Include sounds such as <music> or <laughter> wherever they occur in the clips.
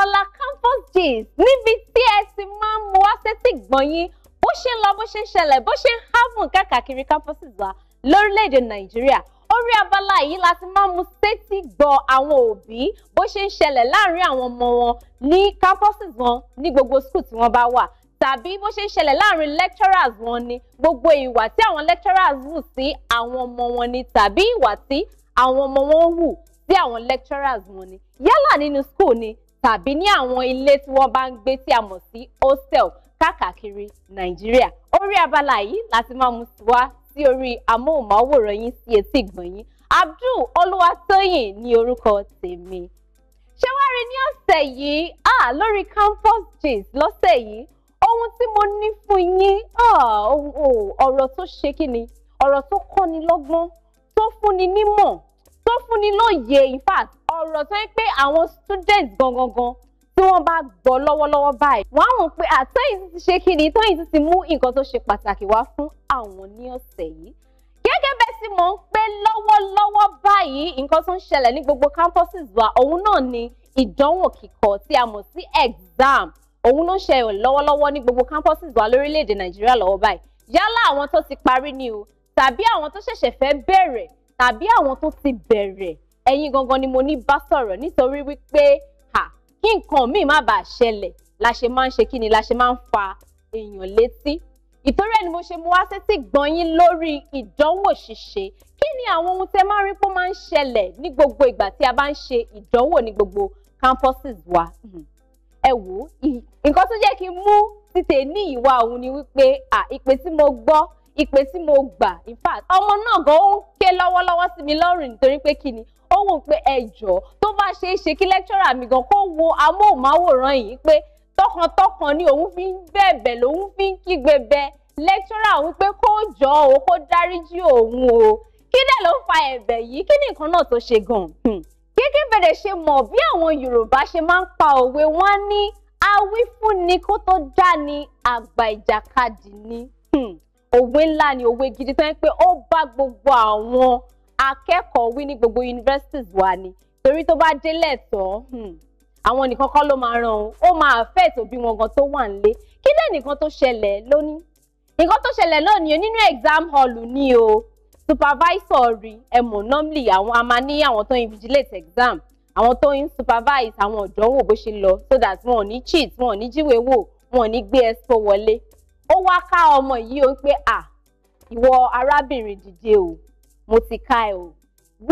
abala campus gist níbi tí ẹ sì máa ń mu wá sétí gbọ̀nyìn bó ṣe ń lọ bó ṣe ń ṣẹlẹ̀ bó ṣe ń hábùn káàkiri campuses wa lórílẹ̀‐èdè nàìjíríà orí abala yìí la ti máa ń mu sétí gbọ́ àwọn òbí bó ṣe ń ṣẹlẹ̀ láàrin àwọn ọmọ wọn ní campuses wọn ní gbogbo school tí wọ́n bá wà tàbí bó ṣe ń ṣẹlẹ̀ láàrin lecturers wọn ni gbogbo ìwà tí àwọn lecturers wù sí àwọn ọmọ wọn ni tàbí ìwà tí àwọn ọmọ wọn wù sí àwọn lecturers wọn ni yálà nínú school ni tàbí ní àwọn ilé tí wọ́n bá ń gbé tí a mọ̀ sí hostel káàkiri nàìjíríà orí abala yìí láti máa mú wá sí orí amóhùnmáwòrán yín sí etí ìgbọ̀n yín abdul olúwatóyìn ní orúkọ tèmi ṣé wàá rí ní ọ̀sẹ̀ yìí lórí campus gist lọ́sẹ̀ yìí ohun tí mo ní fún yín ọ̀rọ̀ tó ṣe kí ni ọ̀rọ̀ tó kọ́ni lọ́gbọ́n tó fúnni nímọ̀ tó fúnni lóye in fact ọ̀rọ̀ tó ń pé àwọn students gangan gan tí wọ́n bá gbọ́ lọ́wọ́lọ́wọ́ báyìí wọ́n á wọ̀n pé àtẹ́yìn ah, ti ṣe kí ni tẹ́yìn ti mú nǹkan tó ṣe pàtàkì wá fún àwọn ní ọ̀sẹ̀ yìí gẹ́gẹ́ bẹ́ẹ̀ sì mọ̀ ń pé lọ́wọ́lọ́wọ́ báyìí nǹkan tó ń ṣẹlẹ̀ ní gbogbo campuses wa òun náà ni ìdánwò kíkọ tí a mọ̀ sí exam òun ló ń ṣẹlẹ̀ lọ́wọ́lọ́wọ́ ní gbogbo campuses wa lórílẹ̀‐èdè Nàìjíríà lọ́wọ́ báyìí yálà àwọn tó ti parí ni o tàbí àwọn tó ṣẹ̀ṣẹ̀ fẹ́ bẹ̀rẹ̀ tàbí àwọn tó ti bẹ̀rẹ̀ ẹ̀yin gangan ni mo ní bá sọ̀rọ̀ nítorí wípé ha kí nǹkan míì má bàa ṣẹlẹ̀ la ṣe máa ń ṣe kí ni la ṣe máa ń fa èèyàn létí ìtorí ẹni mo ṣe mú wá sétí gbọ̀nyín lórí ìdánwò ṣíṣe kí ni àwọn ohun tẹ máa ń rí pé ó máa ń ṣẹlẹ̀ ní gbogbo ìgbà tí a bá ń ṣe ìdánwò ní gbogbo campuses wa hmm. ẹ wò ó nǹkan tó jẹ́ kí n mú títẹ̀ ní ìwà òun ni wípé ìpè tí mo gbọ́ ìpè tí mo gbà in fact ọmọ náà gan ó ń ké lọ́wọ́lọ́wọ́ sí mi lọ́rùn nítorí pé kí ni ó wò pé ẹ jọ̀ọ́ tó bá ṣe é ṣe kí lẹ́kítọ́rà mi gan kó wo amóhùnmáwòrán yìí pé tọkàntọkàn ni òun fi ń bẹ̀bẹ̀ lòun fi ń kígbe bẹ lẹ́kítọ́rà òun pé kó jọ òun kó dáríjì òun o kí dẹ̀ ló fa ẹ̀bẹ̀ yìí kí ni nǹkan náà tó ṣe gan hmm. gẹ́gẹ́ bẹ̀rẹ̀ ṣe mọ̀ bí àwọn Yorùbá ṣe máa ń pa òwe wọn ní awífúnni kó tó já ni àgbà ìjàkadì ni. Hmm òwe ńlá ni òwe gidi tó ń pé ó bá gbogbo àwọn akẹ́kọ̀ọ́ wí ní gbogbo universities wa ni torí tó bá délẹ̀ tán hmm, àwọn nìkan kọ́ ló máa ràn ó máa affect òbí wọn gan tó wà nílé kí lẹ́ nìkan tó ṣẹlẹ̀ lónìí nǹkan tó ṣẹlẹ̀ lónìí nínú exam hall ni o supervisor rí ẹ̀mọ̀ normally àwọn a máa ní àwọn tó ń invigilate exam àwọn tó ń supervise àwọn ọ̀dọ́ wò bó ṣe lọ so that wọn ò ní cheat wọn ò ní jíwèé wò wọn ò ní gbé expo wọlé ó wá ká ọmọ yìí ó pé à ìwọ arábìnrin dìde o mo ti ká ẹ o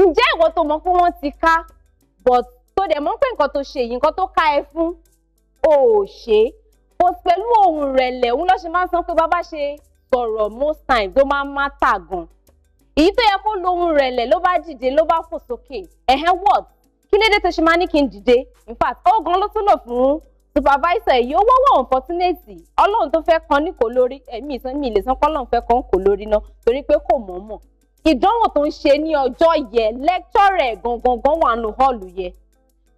ǹjẹ́ ìwọ tó mọ̀ pé wọ́n ti ká but tó dẹ̀ mọ̀ pé nǹkan tó ṣe yìí nǹkan tó ká ẹ fún o ò ṣe é but pẹ̀lú ohun rẹ̀lẹ̀ òun lọ́ọ́ máa ń sọ pé bàbá ṣe sọ̀rọ̀ most times ó máa ń má tà gan èyí tó yẹ kó lo ohun rẹ̀lẹ̀ ló bá dìde ló bá fò sókè ẹ̀hẹ́n word kí lédè tó ṣe máa ní kí n dìde in fact ó gan ló tún lò fún supervisor èyí ó wọ́wọ́ unfortunately ọlọ́run tó fẹ́ kan ní kò lórí ẹ̀mí ìsan mi ìlẹ̀sán kọ́lọ́run fẹ́ kan kò lórí náà torí pé kò mọ̀ mọ̀ ìdánwò tó ń ṣe ní ọjọ́ yẹ lẹ́kítọ́rẹ̀ gangan gan wà nù họ́ọ̀lù yẹ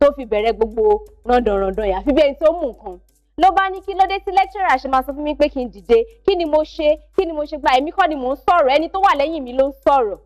tó fi bẹ̀rẹ̀ gbogbo randọ̀randọ̀ yà fi bẹ́ẹ̀ tó mú nǹkan ló bá ní kí ló dé tí lecturer ṣe máa sọ fún mi pé kí n dìde kí ni mo ṣe kí ni mo ṣe gba èmi kọ́ ni mò ń sọ̀rọ̀ ẹni tó wà lẹ́yìn mi ló ń sọ̀rọ̀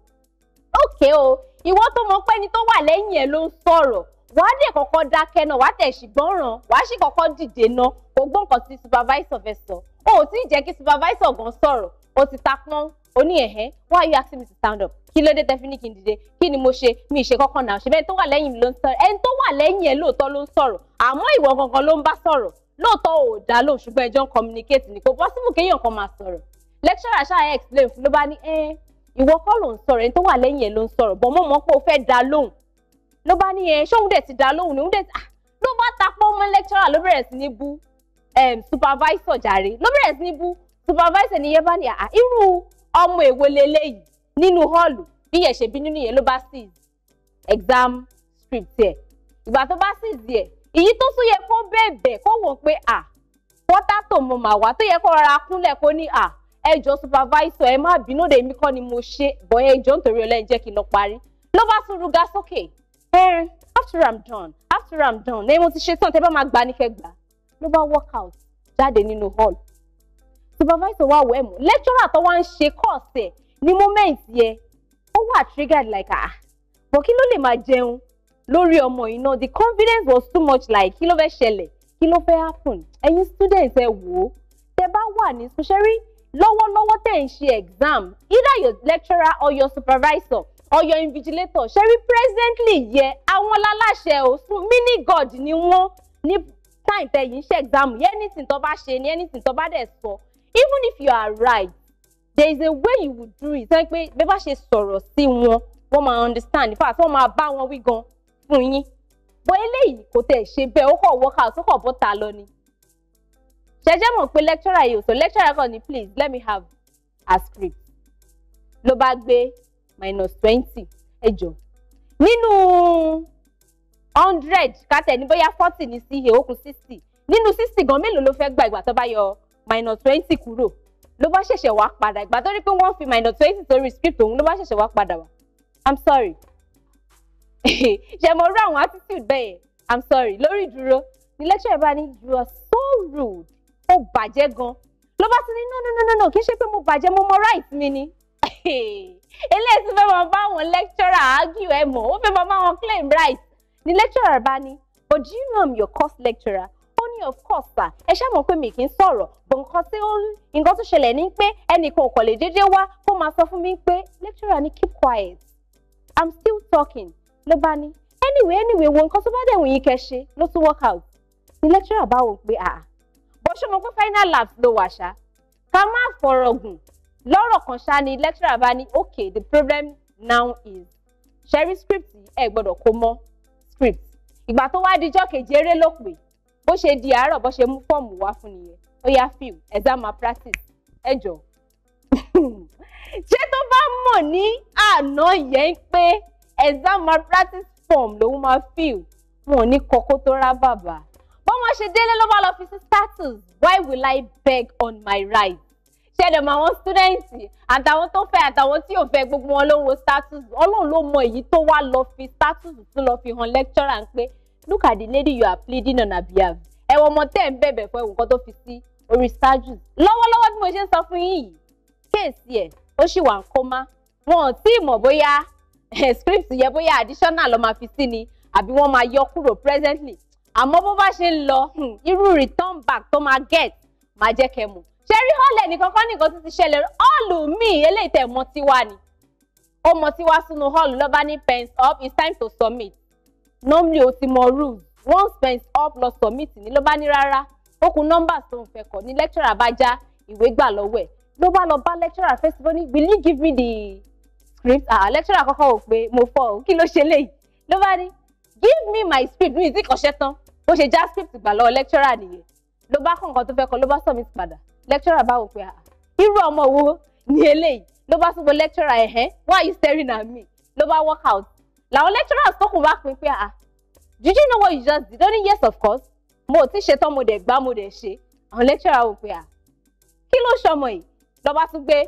ókè o ìwọ tó mọ̀ pé ẹni tó wà lẹ́yìn ẹ ló ń sọ̀rọ̀ wàá dé kọ́kọ́ dákẹ́ náà wàá tẹ̀ ṣùgbọ́n ràn wàá sì kọ́kọ́ dìde náà kò gbọ́ nǹkan tí supervisor fẹ́ sọ o ò tí ì jẹ́ kí supervisor gan sọ̀rọ̀ o ti ta pọ́n o ní ẹ̀hẹ́ why you asking me to stand up kí ló dé tẹ́ fi ní kí n dìde kí ni mo ṣe mi ì ṣe kọ́kọ́ náà ṣe bẹ́ẹ̀ tó wà lẹ́yìn mi ló ń sọ̀rọ̀ ẹni tó wà lẹ́yìn ẹ lóòótọ́ ló ń sọ̀rọ̀ àmọ́ ìwọ gangan ló ń bá sọ̀rọ̀ lóòótọ́ ò dá lóhùn ṣùgbọ́n ẹjọ́ ń communicate ni kò possible kéèyàn kan máa sọ̀rọ̀ lecturer ṣáà explain fún ló bá ní ẹ ìwọ kọ́ ló ń sọ̀rọ̀ ẹni tó wà lẹ́yìn ẹ ló ń sọ̀rọ̀ bọ́ mọ́ mọ́ pé o fẹ́ dá lóhùn ló bá níyẹn ṣóun dẹ̀ ti dá lóhùn ni òun dẹ̀ ti ah, ló bá tapọ̀ mọ́ lecturer ló bẹ̀rẹ̀ sí ní bú supervisor jàre ló bẹ̀rẹ̀ sí ní bú supervisor nìyẹn bá ní àá irú ọmọ èwo leléyìí nínú hall bí yẹn ṣe bínú nìyẹn ló bá seize exam script ẹ̀ ìgbà tó bá seize ẹ̀ èyí tó tún yẹ kó bẹ̀bẹ̀ kó wò pé à wọ́tá tò mọ̀ mà wá tó yẹ kó rọra kúnlẹ̀ kó ní à ah, ẹjọ́ supervisor ẹ má bínú dèmi kọ́ ni mo ṣe bọ̀ ẹjọ́ nítorí ọlẹ́yìn jẹ́ kí n lọ parí ló bá tún ruga sókè Eh, after i'm done after i'm done ẹ mo ti ṣe tán tẹ bá máa gbà ní kẹ gbà ló bá work out jáde nínú hall supervisor wa wọ ẹ lecturer tó wá ń ṣe course ẹ ní moment yẹ ó wà triggered like ah bọ̀ kí ló lè máa jẹun lórí ọmọ iná the confidence was too much like kí ló fẹ́ ṣẹlẹ̀ kí ló fẹ́ happen ẹ̀yin students ẹ wò ó tẹ bá wà ní sọ́sẹ́rí lọ́wọ́lọ́wọ́ tẹ̀ ń ṣe exam either your lecturer or your supervisor Ọ̀yọ́ invigilator ṣe rí presently yẹ àwọn láláṣẹ òsùn mini god ni wọ́n ní time tẹ̀yìn ṣe exam anything tó bá ṣe ni anything tó bá dẹ̀ sọ even if you are right there is a way you would do it sẹ́ni pé bí bá ṣe sọ̀rọ̀ sí wọn wọ́n máa understand in fact wọ́n máa bá wọn wí gan fún yín bó eléyìí kò tẹ̀ ṣe bẹ́ẹ̀ ó kọ̀ work out ó kọ̀ bọ́ta lọ ni ṣẹjẹ mọ̀ pé lecturer yìí ò sọ lecturer kan ni please let me have a script ló bá gbé minus twenty ẹ jọ nínú hundred kátẹ̀ ní bóyá forty ní sí ìhè okùn sixty nínú sixty gan mélòó ló fẹ́ gba ìgbà tó bá yọ minus twenty kúrò ló bá ṣẹ̀ṣẹ̀ wá padà ìgbà tó rí pé wọ́n fi minus twenty sórí script òun ló bá ṣẹ̀ṣẹ̀ wá padà wá i'm sorry <laughs> ṣe mo rú àwọn attitude bẹ́ẹ̀ i'm sorry lórí ìdúró ní lecturer bá ní you are so rude ó bàjẹ́ gan ló bá ti ní no no no no no kì í ṣe pé mo bàjẹ́ mo mọ right mi ni eléyìí tí fẹ́ máa bá àwọn lecturer argue ẹ̀ mọ̀ ó fẹ́ máa bá wọn claim right ni lecturer bá ní but do you know I'm your course lecturer ó ní of course sir ẹ ṣáà mọ̀ pé mi kì í sọ̀rọ̀ bọ̀ nǹkan tí ó nǹkan tó ṣẹlẹ̀ ní pé ẹnìkan kò lè déédéé wá kó máa sọ fún mi pé lecturer ni keep quiet i'm still talking ló bá ní anyway anyway wo nǹkan tó bá dẹ̀ wù yín kẹ́ ṣe ló tún work out ni lecturer bá wò pé àà bó ṣe mọ̀ pé final lap ló wà ṣá ká má fọ̀rọ̀ gùn lọ́rọ̀ kan ṣá ni lecturer bá ní okay the problem now is ṣẹ́rí script ẹ̀ gbọ́dọ̀ kó mọ́ script ìgbà tó wá dijọ́ kejì eré ló pè bó ṣe di àárọ̀ bó ṣe mú fọ́ọ̀mù wá fún nìyẹn ó yá film exam malpractice ẹ jọ <laughs> ṣé tó bá mọ̀ ní àná yẹn pé exam malpractice form lòun máa fill wọn ò ní kọ́kọ́ tó rá bàbá bọ́mọ ṣe délé ló bá lọ fi sí status why will I beg on my right ṣẹ̀dẹ̀ mọ àwọn stúdẹ̀ǹtì àtàwọn tó fẹ́ àtàwọn tí ò fẹ́ gbogbo wọn ló ń wo status ọlọ́run ló mọ èyí tó wá lọ fi status tó lọ fi hàn lecturer ń pé look at the lady you are pleading on her behalf ẹ wọ ọmọ tẹ́ ń bẹ̀bẹ̀ fún ẹ̀wọ̀n kan tó fi sí orí status lọ́wọ́lọ́wọ́ bí mo ṣe ń sọ fún yín yìí kéèsì ẹ̀ ó sì wà ń kó má wọn ò tí ì mọ̀ bóyá eh, script yẹ bóyá additional ló máa fi sí ni àbí wọ́n máa yọ kúrò presently àmọ́ bó bá ṣe ń lọ hmm, irú return back tó máa get máa jẹ́ kẹ́ mọ̀ ṣẹ́rí họ́ọ̀lẹ̀ nìkan kọ́ nìkan tó ti ṣẹlẹ̀ họ́ọ̀lù míì eléyìí tẹ̀ mọ́ tiwa ni ó mọ tiwa sínú họ́ọ̀lù lọ́ba ní pens up it's time to submit normally o ti mọ rules once pens up lọ submit ní ló bá ní rárá ó kun nọ́mbà tó ń fẹ́ kọ̀ ní lecturer bá já ìwé gbà lọ́wọ́ ẹ̀ ló bá lọ bá lecturer first of ní will you give me the script ah lecturer kọ́kọ́ wò pé mo fọ́ o kí ló ṣe léyìí ló bá ní give me my script mi ìdí kọ̀ṣẹ́ tán bó ṣe já script gbà lọ́wọ́ lecturer nìyẹn ló bá kọ̀ tó fẹ́ kọ ló bá submit padà lecturer bá wò pé ah, irú ọmọ wo ni eléyìí ló bá tún bo lecturer ẹ̀hẹ́n why are you staring at me ló bá walk out làwọn lecturers tó kù bá pín pé ah did you know what you just did ó yes of course mo ò tí mo dẹ̀ gbá mo dẹ̀ ṣe àwọn lecturer wò pé ah kí ló ṣọmọ yìí ló bá tún gbé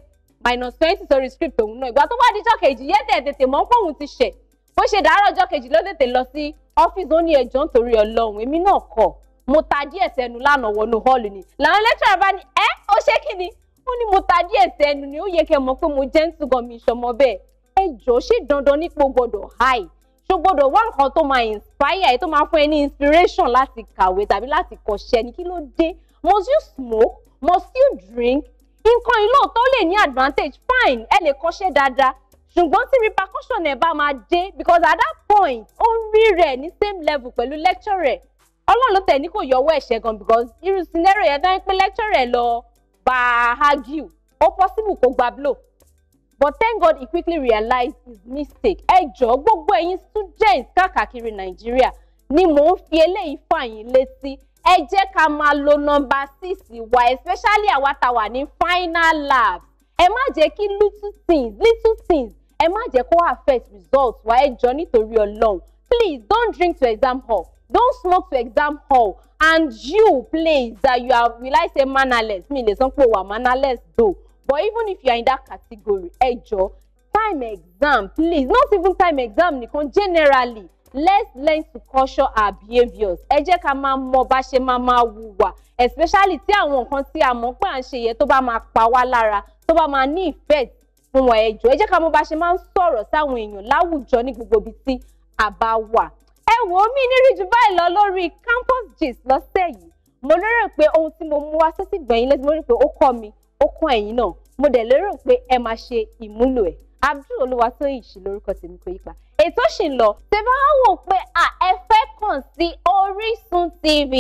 minus twenty sórí script òun náà ìgbà tó bá dijọ́ kejì yé tẹ̀ tètè mọ́ pé òun ti ṣẹ̀ bó ṣe dàárọ̀ ọjọ́ kejì ló tètè lọ sí ọ́fíìsì ó ní ẹjọ́ nítorí ọlọ́run èmi náà kọ̀ mo ta díẹ̀ sẹ́nu lánàá wọnú hall ni làwọn lecturer bá ní ẹ ó ṣe kí ni ó ní mo ta díẹ̀ sẹ́nu ni ó yẹ kẹ́ mọ̀ pé mo gentle gan mi ìṣọmọ bẹ́ẹ̀ ẹ jọ ṣe dandan nípò gbọ́dọ̀ high ṣó gbọ́dọ̀ wá nǹkan tó máa inspire ẹ tó máa fún ẹ ní inspiration láti kàwé tàbí láti kọ́ṣẹ́ ni kí ló dé must you smoke must you drink nǹkan ìlò tó lè ní advantage fine ẹ lè kọ́ṣẹ́ dáadáa ṣùgbọ́n tí repercussion ẹ̀ bá máa dé because at that point ó ń rí rẹ̀ ní same level pẹ̀lú lecturer ọlọ́run ló tẹ̀ ní kò yọwọ́ ẹ̀ṣẹ̀ gan because irú scenario yẹn fẹ́ pé lecturer lọ bahagiu ó possible kó gba blow but thank God he quickly realized his mistake ẹ jọ̀ọ́ gbogbo ẹ̀yin students káàkiri nàìjíríà ni mò ń fi eléyìí fà yín létí ẹ jẹ́ ká máa lo nọ́mbà six wa especially àwa tá a wà ní final lab ẹ má jẹ́ kí little things little things ẹ má jẹ́ kó affect results wa ẹ jọ̀ọ́ nítorí ọlọ́run please don't drink to exam hall don't smoke to exam hall and you please that you are realize say mannerless Me lè sọ pé wà mannerless though but even if you are in that category ẹ jọ time exam please not even time exam nìkan generally let's learn to caution our behaviours ẹ jẹ́ ká máa mọ bá ṣe máa máa especially ti àwọn nǹkan tí a mọ̀ pé à ń ṣe yẹn tó bá máa pa wá lára tó bá máa ní effect fún wọn ẹ jọ ẹ jẹ́ ká mọ bá ṣe máa ń sọ̀rọ̀ sáwọn gbogbo ibi tí a bá ẹ wò ó mí nírì jù báyìí lọ lórí campus gist lọ́sẹ̀ yìí mo lérò pé ohun tí mo mú wá sétí gbẹ̀yìn létí mo rí pé ó kọ́ mi ó kọ́ ẹ̀yin náà mo dẹ̀ lérò pé ẹ máa ṣe ìmúlò ẹ̀ Abdul Olúwatóyìn ṣì lórúkọ tèmi kò yípa ètò ṣì ń lọ tẹ́ bá wò pé ẹ fẹ́ kàn sí Orísun TV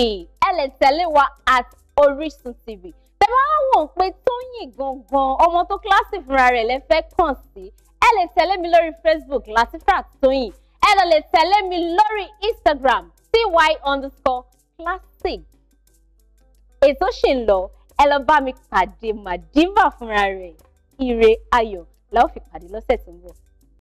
ẹ lè tẹ̀lé wa at Orísun TV tẹ́ bá wò pé Tóyìn gangan ọmọ tó kíláàsì fúnra rẹ̀ lẹ kàn sí ẹ lè tẹ̀lé mi lórí Facebook Latifat Tóyìn ẹ lọ lè tẹ̀lé mi lórí Instagram cy underscore classic ètò ṣì ń lọ ẹ lọ bá mi pàdé màdìmà fúnra rẹ̀ ire ayọ̀ la ó fi pàdé lọ́sẹ̀ tó ń bọ̀.